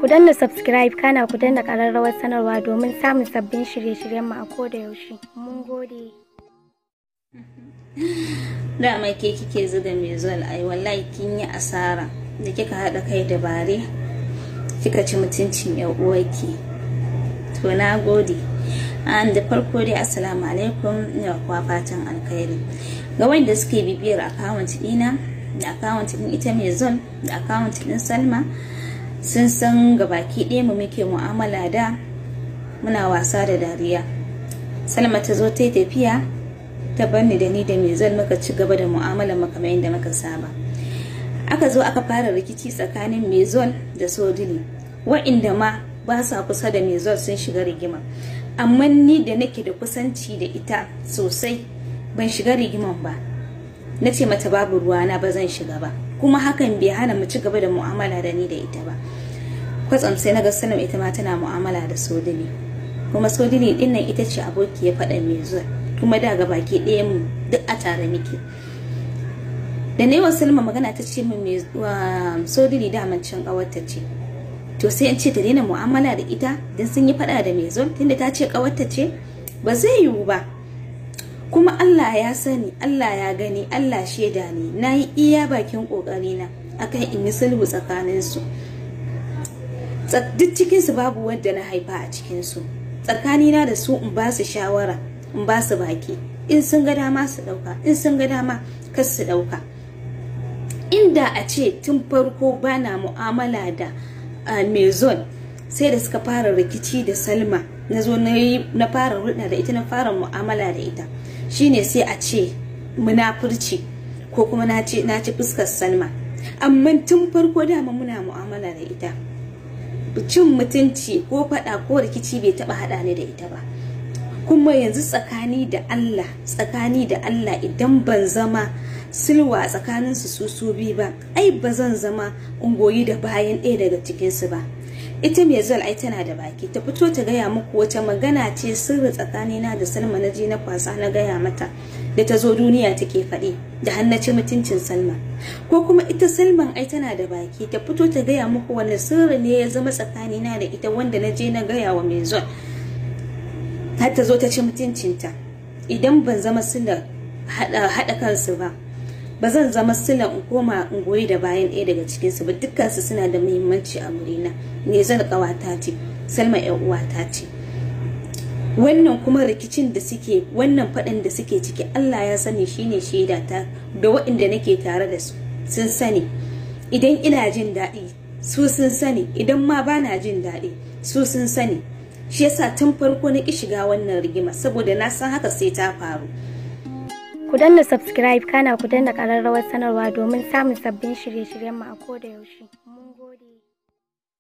Ku danna subscribe kana ku danna ƙararrawar sanarwa domin samun sabbin shirye-shiryenmu a koda yaushe. Mun gode. da mai ke kike zuga mai zuwa ai wallahi kin yi asara da kika haɗa kai da dabare kika ci mutuncin yan uwaki. To na gode. An da farko dai assalamu alaikum ya kuwa fatan alkhairi. Ga wanda suke bibiyar akawunt ɗina da akawunt ɗin ita mai zol da akawunt ɗin Salma. sun san gabaki ɗaya mu muke mu'amala da muna wasa da dariya salma ta zo ta yi tafiya ta barni da ni da mai zan muka ci gaba da mu'amala makamai da muka saba aka zo aka fara rikici tsakanin mezol da sodili wa'inda ma ba sa kusa da mezol sun shiga rigima amma ni da nake da kusanci da ita sosai ban shiga rigiman ba na ce mata babu ruwa na ba zan shiga ba kuma hakan bai hana mu ci gaba da mu'amala da ni da ita ba kwatsam sai na ga sanin ita ma tana mu'amala da sodini kuma sodini din nan ita ce aboki ya faɗa mai zuwa kuma da ga baki ɗaya mu duk a tare muke da ne wa salma magana ta ce min mai sodini da can ƙawarta ce to sai an ce ta daina mu'amala da ita don sun yi faɗa da mai zuwa tunda ta ce ƙawarta ce ba zai yiwu ba kuma Allah ya sani Allah ya gani Allah shaida ne na yi iya bakin na akan in yi sulhu su duk cikin su babu wanda na haifa a cikin su cikinsu na da su in ba su shawara in ba su baki in sun ga dama su ɗauka in sun ga dama kas su ɗauka inda a ce tun farko bana mu'amala da ah, mezon sai da suka fara rikici da salma na zo na fara hulɗa da ita na fara mu'amala da ita shine sai a ce munafurci ko kuma na ce ci fuskar salma amma tun farko dama muna mu'amala da ita cin mutunci ko faɗa ko rikici bai taɓa haɗa ni da ita ba kuma yanzu tsakani da Allah tsakani da Allah idan ban zama silwa tsakanin su su bi ba ai ba zan zama ungoyi da bayan ɗaya daga cikinsu ba ita mai zal ai tana da baki ta fito ta gaya muku wata magana ce sirri tsakani na da salma na je na kwasa na gaya mata da ta zo duniya take faɗi da hannace mutuncin salma ko kuma ita salman ai tana da baki ta fito ta gaya muku wani sirri ne ya zama tsakanina da ita wanda na je na gaya wa mai zal har ta zo ta ci mutuncinta idan ban zama suna haɗa kansu ba ba zan zama sila in koma in goyi da bayan ɗaya daga cikinsu ba dukkansu suna da muhimmanci a murina ne zan ƙawata ce salma yan uwata ce wannan kuma rikicin da suke wannan faɗin da suke ciki allah ya sani shine shaida ta da waɗanda nake tare da su sun sani idan ina jin daɗi su sun sani idan ma bana jin daɗi su sun sani shi yasa tun farko na ki shiga wannan rigima saboda na san haka sai ta faru Ku danna subscribe kana ku danna ƙararrawar sanarwa domin samun sabbin shirye shiryen mu a koda yaushe.